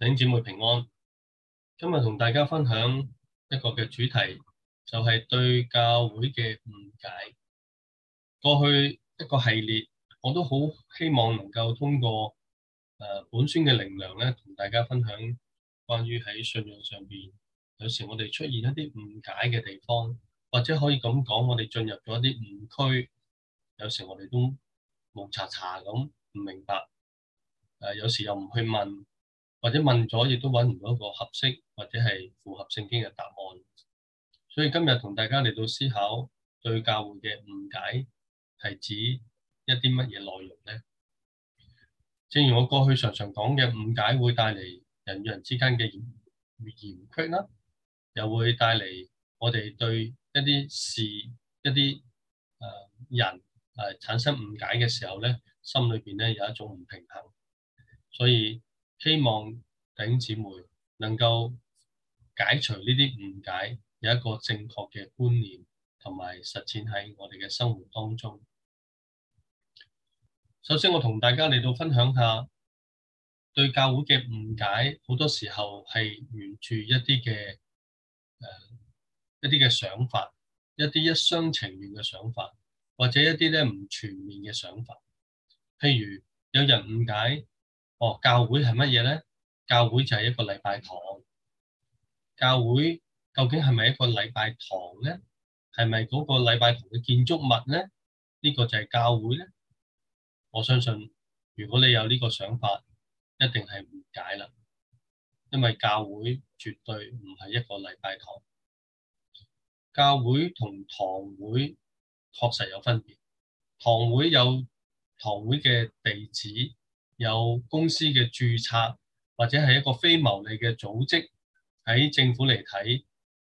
頂姐妹平安，今日同大家分享一個嘅主題，就係、是、對教會嘅誤解。過去一個系列，我都好希望能夠通過誒、呃、本宣嘅靈糧，咧，同大家分享關於喺信仰上邊，有時我哋出現一啲誤解嘅地方，或者可以咁講，我哋進入咗一啲誤區。有時我哋都懵查查咁唔明白，誒、呃，有時又唔去問。或者問咗，亦都揾唔到一個合適或者係符合聖經嘅答案。所以今日同大家嚟到思考對教會嘅誤解係指一啲乜嘢內容咧？正如我過去常常講嘅，誤解會帶嚟人與人之間嘅嫌嫌隙啦，又會帶嚟我哋對一啲事、一啲誒、呃、人誒、呃、產生誤解嘅時候咧，心裏邊咧有一種唔平衡，所以。希望弟兄姊妹能夠解除呢啲誤解，有一個正確嘅觀念同埋實踐喺我哋嘅生活當中。首先，我同大家嚟到分享下對教會嘅誤解，好多時候係源住一啲嘅、呃、一啲嘅想法，一啲一廂情願嘅想法，或者一啲咧唔全面嘅想法。譬如有人誤解。哦，教會係乜嘢咧？教會就係一個禮拜堂。教會究竟係咪一個禮拜堂咧？係咪嗰個禮拜堂嘅建築物咧？呢個就係教會咧？我相信如果你有呢個想法，一定係誤解啦。因為教會絕對唔係一個禮拜堂。教會同堂會確實有分別。堂會有堂會嘅地址。有公司嘅註冊，或者係一個非牟利嘅組織，喺政府嚟睇，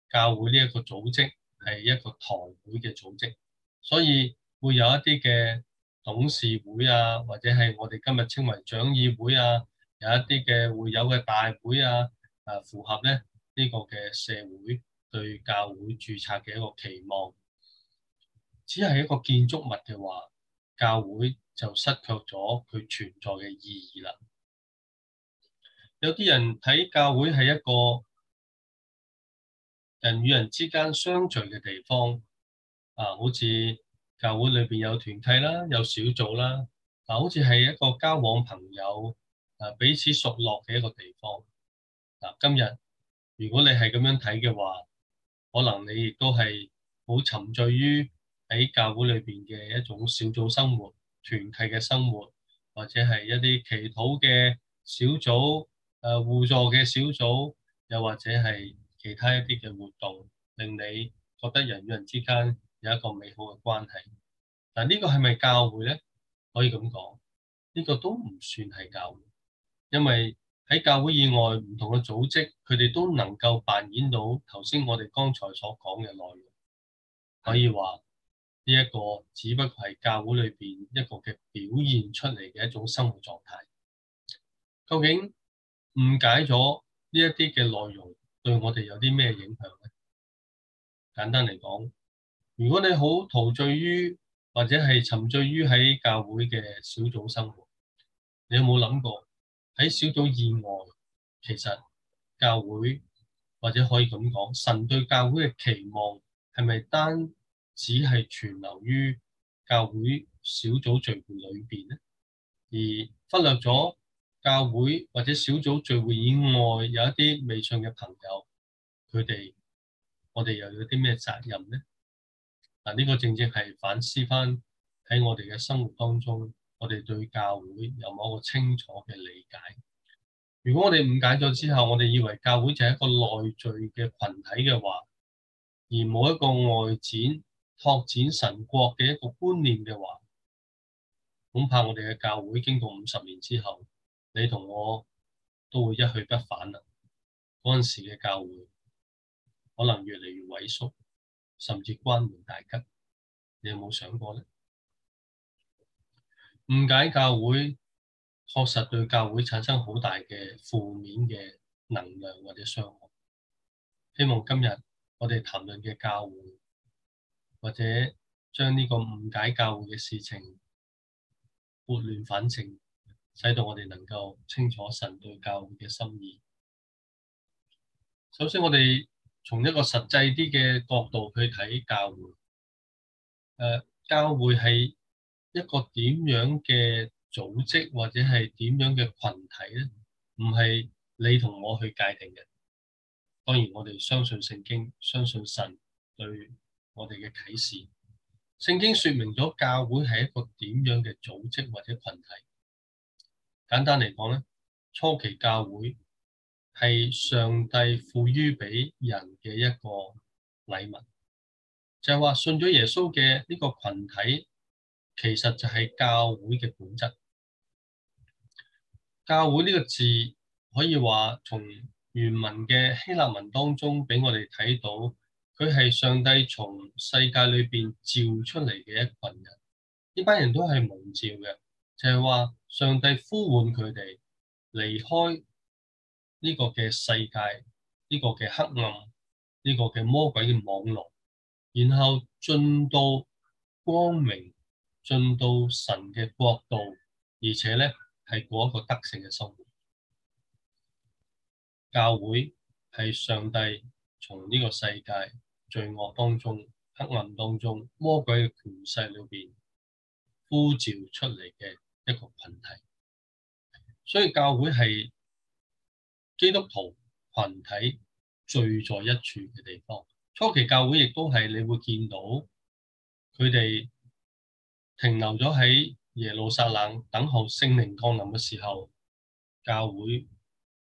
教會呢一個組織係一個堂會嘅組織，所以會有一啲嘅董事會啊，或者係我哋今日稱為長議會啊，有一啲嘅會友嘅大會啊，啊符合咧呢、這個嘅社會對教會註冊嘅一個期望。只係一個建築物嘅話，教會就失卻咗佢存在嘅意義啦。有啲人睇教會係一個人與人之間相聚嘅地方啊，好似教會裏邊有團體啦，有小組啦，嗱、啊，好似係一個交往朋友啊，彼此熟絡嘅一個地方。嗱、啊，今日如果你係咁樣睇嘅話，可能你亦都係好沉醉於。喺教會裏邊嘅一種小組生活、團契嘅生活，或者係一啲祈禱嘅小組、誒、呃、互助嘅小組，又或者係其他一啲嘅活動，令你覺得人與人之間有一個美好嘅關係。但呢個係咪教會咧？可以咁講，呢、這個都唔算係教會，因為喺教會以外唔同嘅組織，佢哋都能夠扮演到頭先我哋剛才所講嘅內容，可以話。呢一個只不過係教會裏邊一個嘅表現出嚟嘅一種生活狀態。究竟誤解咗呢一啲嘅內容，對我哋有啲咩影響咧？簡單嚟講，如果你好陶醉於或者係沉醉於喺教會嘅小組生活，你有冇諗過喺小組以外，其實教會或者可以咁講，神對教會嘅期望係咪單？只係存留於教會小組聚會裏邊咧，而忽略咗教會或者小組聚會以外有一啲未信嘅朋友，佢哋我哋又有啲咩責任咧？嗱、啊、呢、這個正正係反思翻喺我哋嘅生活當中，我哋對教會有冇一個清楚嘅理解？如果我哋誤解咗之後，我哋以為教會就係一個內聚嘅群體嘅話，而冇一個外展。拓展神國嘅一個觀念嘅話，恐怕我哋嘅教會經過五十年之後，你同我都會一去不返啦。嗰陣時嘅教會可能越嚟越萎縮，甚至關門大吉。你有冇想過呢？誤解教會確實對教會產生好大嘅負面嘅能量或者傷害。希望今日我哋談論嘅教會。或者將呢個誤解教會嘅事情撥亂反正，使到我哋能夠清楚神對教會嘅心意。首先，我哋從一個實際啲嘅角度去睇教會。誒、呃，教會係一個點樣嘅組織，或者係點樣嘅群體咧？唔係你同我去界定嘅。當然，我哋相信聖經，相信神對我哋嘅啟示，聖經説明咗教會係一個點樣嘅組織，或者群體。簡單嚟講咧，初期教會係上帝賦予俾人嘅一個禮物，就係話信咗耶穌嘅呢個群體，其實就係教會嘅本質。教會呢個字可以話從原文嘅希臘文當中俾我哋睇到。佢係上帝從世界裏邊召出嚟嘅一羣人，呢班人都係蒙召嘅，就係、是、話上帝呼喚佢哋離開呢個嘅世界，呢、這個嘅黑暗，呢、這個嘅魔鬼嘅網羅，然後進到光明，進到神嘅國度，而且咧係過一個德性嘅生活。教會係上帝從呢個世界，罪惡當中、黑暗當中、魔鬼嘅權勢裏邊呼召出嚟嘅一個群體，所以教會係基督徒群體聚在一處嘅地方。初期教會亦都係你會見到佢哋停留咗喺耶路撒冷等候聖靈降臨嘅時候，教會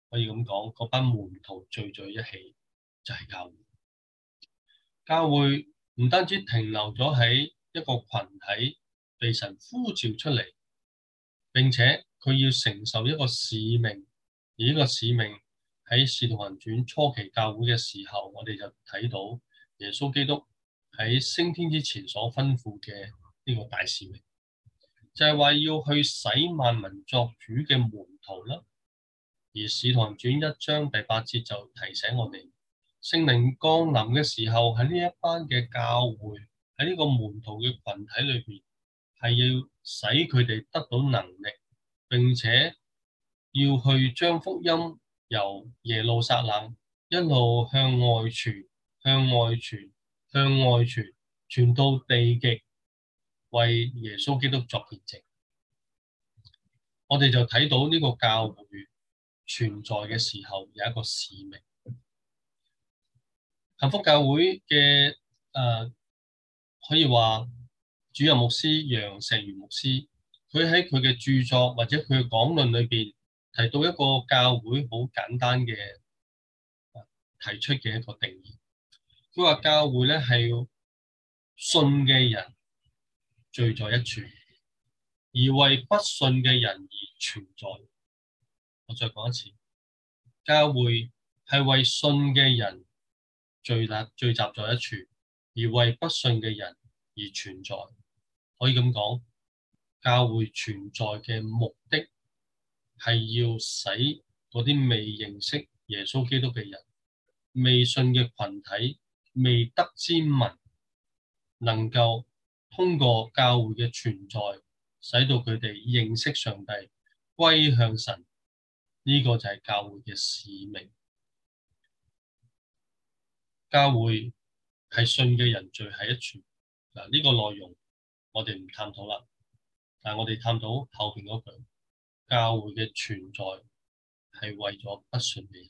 可以咁講，嗰班門徒聚在一起就係、是、教會。教會唔單止停留咗喺一個群體被神呼召出嚟，並且佢要承受一個使命。而呢個使命喺《使徒行傳》初期教會嘅時候，我哋就睇到耶穌基督喺升天之前所吩咐嘅呢個大使命，就係、是、話要去使萬民作主嘅門徒啦。而《使徒行傳》一章第八節就提醒我哋。聖靈降臨嘅時候，喺呢一班嘅教會，喺呢個門徒嘅群體裏邊，係要使佢哋得到能力，並且要去將福音由耶路撒冷一路向外傳、向外傳、向外傳，傳到地極，為耶穌基督作見證。我哋就睇到呢個教會存在嘅時候，有一個使命。幸福教會嘅誒、呃、可以話主任牧師楊成如牧師，佢喺佢嘅著作或者佢嘅講論裏邊提到一個教會好簡單嘅提出嘅一個定義。佢話教會咧，係信嘅人聚在一處，而為不信嘅人而存在。我再講一次，教會係為信嘅人。聚集，聚集在一處，而為不信嘅人而存在。可以咁講，教會存在嘅目的係要使嗰啲未認識耶穌基督嘅人、未信嘅群體、未得之民，能夠通過教會嘅存在，使到佢哋認識上帝、歸向神。呢、這個就係教會嘅使命。教會係信嘅人聚喺一處，嗱、這、呢個內容我哋唔探討啦。但係我哋探討後邊嗰句，教會嘅存在係為咗不信嘅人。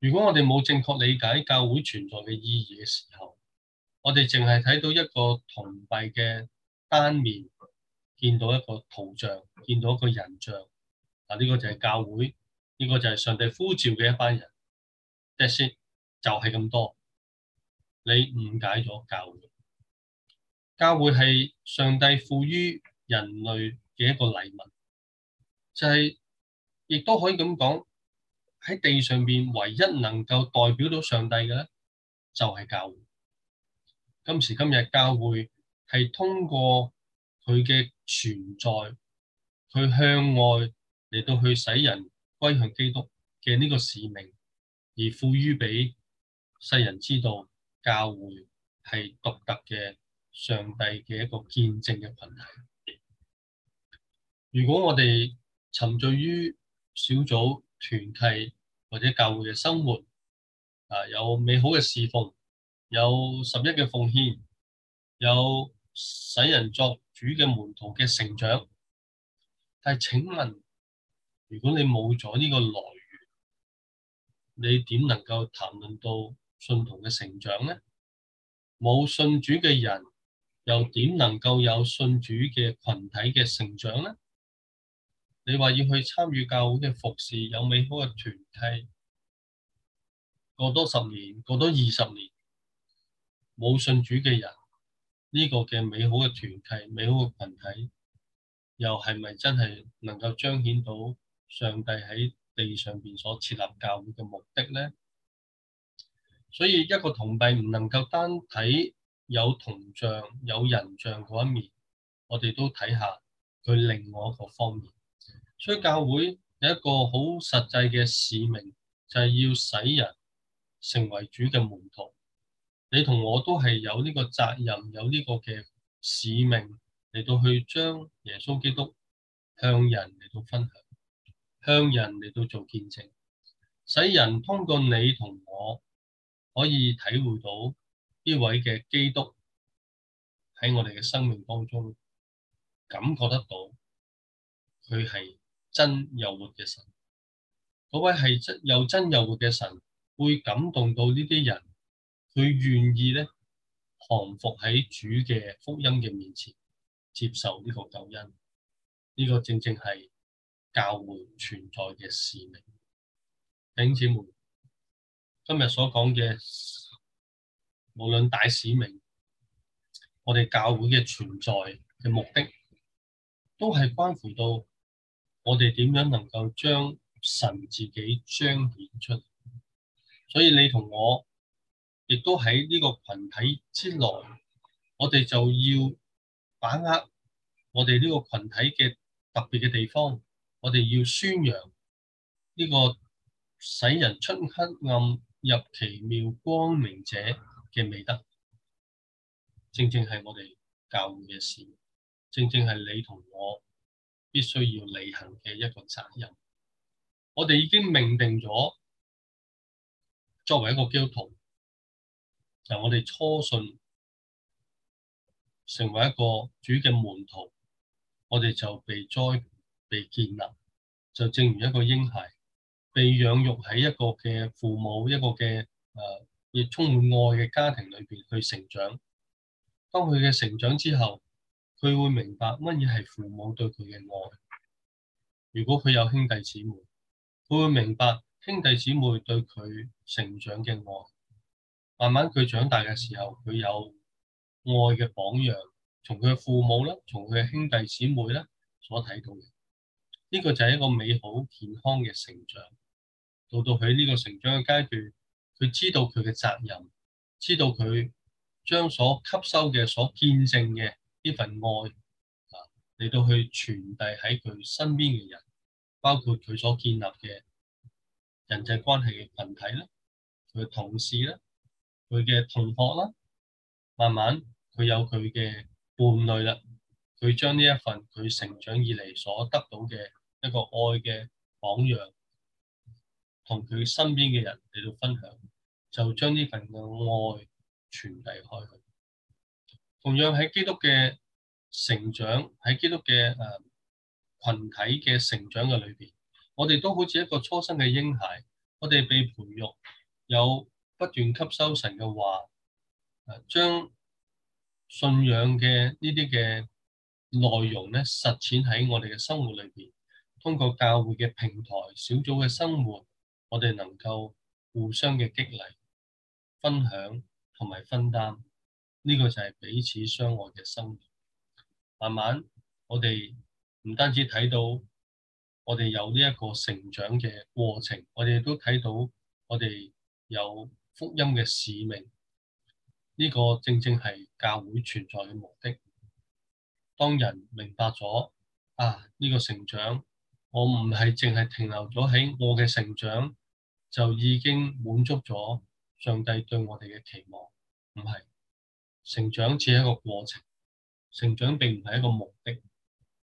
如果我哋冇正確理解教會存在嘅意義嘅時候，我哋淨係睇到一個銅幣嘅單面，見到一個圖像，見到一個人像，嗱、這、呢個就係教會，呢、這個就係上帝呼召嘅一班人。得先。就係咁多，你誤解咗教會。教會係上帝賦予人類嘅一個禮物，就係、是，亦都可以咁講，喺地上邊唯一能夠代表到上帝嘅咧，就係教會。今時今日，教會係通過佢嘅存在，佢向外嚟，到去使人歸向基督嘅呢個使命，而賦予俾。世人知道，教會係獨特嘅上帝嘅一個見證嘅群體。如果我哋沉醉於小組團契或者教會嘅生活，啊，有美好嘅侍奉，有十一嘅奉獻，有使人作主嘅門徒嘅成長，但係請問，如果你冇咗呢個來源，你點能夠談論到？信徒嘅成長咧，冇信主嘅人又點能夠有信主嘅群體嘅成長咧？你話要去參與教會嘅服侍，有美好嘅團契，過多十年，過多二十年，冇信主嘅人呢個嘅美好嘅團契、美好嘅群體，又係咪真係能夠彰顯到上帝喺地上邊所設立教會嘅目的咧？所以一個銅幣唔能夠單睇有銅像有人像嗰一面，我哋都睇下佢另外一個方面。所以教會有一個好實際嘅使命，就係要使人成為主嘅門徒。你同我都係有呢個責任，有呢個嘅使命嚟到去將耶穌基督向人嚟到分享，向人嚟到做見證，使人通過你同我。可以體會到呢位嘅基督喺我哋嘅生命當中，感覺得到佢係真又活嘅神。嗰位係真又真又活嘅神，會感動到呢啲人，佢願意咧降服喺主嘅福音嘅面前，接受呢個救恩。呢、這個正正係教會存在嘅使命。弟兄姊妹，今日所講嘅，無論大使命，我哋教會嘅存在嘅目的，都係關乎到我哋點樣能夠將神自己彰顯出嚟。所以你同我，亦都喺呢個群體之內，我哋就要把握我哋呢個群體嘅特別嘅地方，我哋要宣揚呢個使人出黑暗入奇妙光明者嘅美德，正正係我哋教會嘅事，正正係你同我必須要履行嘅一個責任。我哋已經命定咗，作為一個基督徒，由我哋初信成為一個主嘅門徒，我哋就被栽培、被建立，就正如一個嬰孩。被養育喺一個嘅父母一個嘅誒，亦、啊、充滿愛嘅家庭裏邊去成長。當佢嘅成長之後，佢會明白乜嘢係父母對佢嘅愛。如果佢有兄弟姊妹，佢會明白兄弟姊妹對佢成長嘅愛。慢慢佢長大嘅時候，佢有愛嘅榜樣，從佢嘅父母咧，從佢嘅兄弟姊妹咧所睇到嘅。呢、這個就係一個美好健康嘅成長。到到佢呢個成長嘅階段，佢知道佢嘅責任，知道佢將所吸收嘅、所見證嘅呢份愛啊，嚟到去傳遞喺佢身邊嘅人，包括佢所建立嘅人際關係嘅群體咧，佢嘅同事咧，佢嘅同學啦，慢慢佢有佢嘅伴侶啦，佢將呢一份佢成長以嚟所得到嘅一個愛嘅榜樣。同佢身邊嘅人嚟到分享，就將呢份嘅愛傳遞開去。同樣喺基督嘅成長，喺基督嘅誒羣體嘅成長嘅裏邊，我哋都好似一個初生嘅嬰孩，我哋被培育，有不斷吸收神嘅話，誒、啊、將信仰嘅呢啲嘅內容咧實踐喺我哋嘅生活裏邊，通過教會嘅平台、小組嘅生活。我哋能夠互相嘅激勵、分享同埋分擔，呢個就係彼此相愛嘅生命。慢慢，我哋唔單止睇到我哋有呢一個成長嘅過程，我哋都睇到我哋有福音嘅使命。呢個正正係教會存在嘅目的。當人明白咗啊，呢個成長，我唔係淨係停留咗喺我嘅成長。就已經滿足咗上帝對我哋嘅期望，唔係成長只係一個過程，成長並唔係一個目的。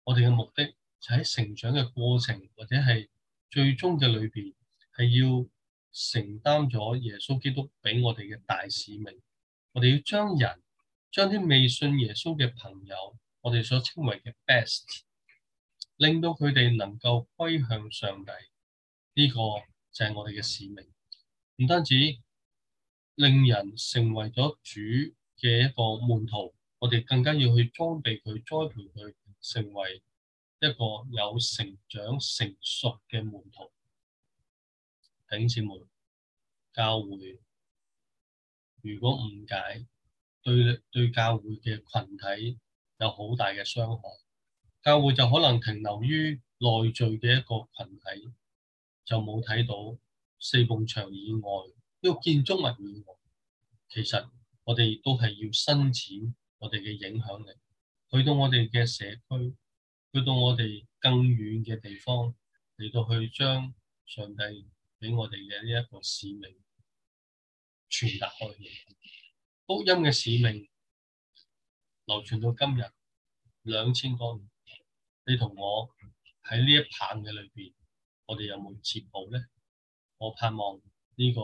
我哋嘅目的就喺成長嘅過程，或者係最終嘅裏邊係要承擔咗耶穌基督畀我哋嘅大使命。我哋要將人將啲未信耶穌嘅朋友，我哋所稱為嘅 best，令到佢哋能夠歸向上帝呢、這個。就係我哋嘅使命，唔單止令人成為咗主嘅一個門徒，我哋更加要去裝備佢、栽培佢，成為一個有成長成熟嘅門徒。弟兄姊妹，教會如果誤解，對對教會嘅群體有好大嘅傷害，教會就可能停留於內聚嘅一個群體。就冇睇到四埲牆以外呢個建築物以外，其實我哋都係要伸展我哋嘅影響力，去到我哋嘅社區，去到我哋更遠嘅地方，嚟到去將上帝畀我哋嘅呢一個使命傳達開去。福音嘅使命流傳到今日，兩千多年，你同我喺呢一棒嘅裏邊。我哋有冇進步呢？我盼望呢個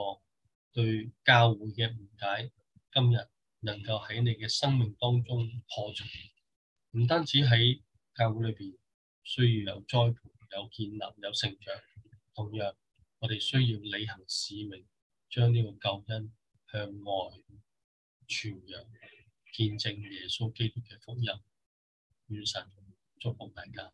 對教會嘅誤解，今日能夠喺你嘅生命當中破除。唔單止喺教會裏邊需要有栽培、有建立、有成長，同樣我哋需要履行使命，將呢個救恩向外傳揚，見證耶穌基督嘅福音。願神祝福大家。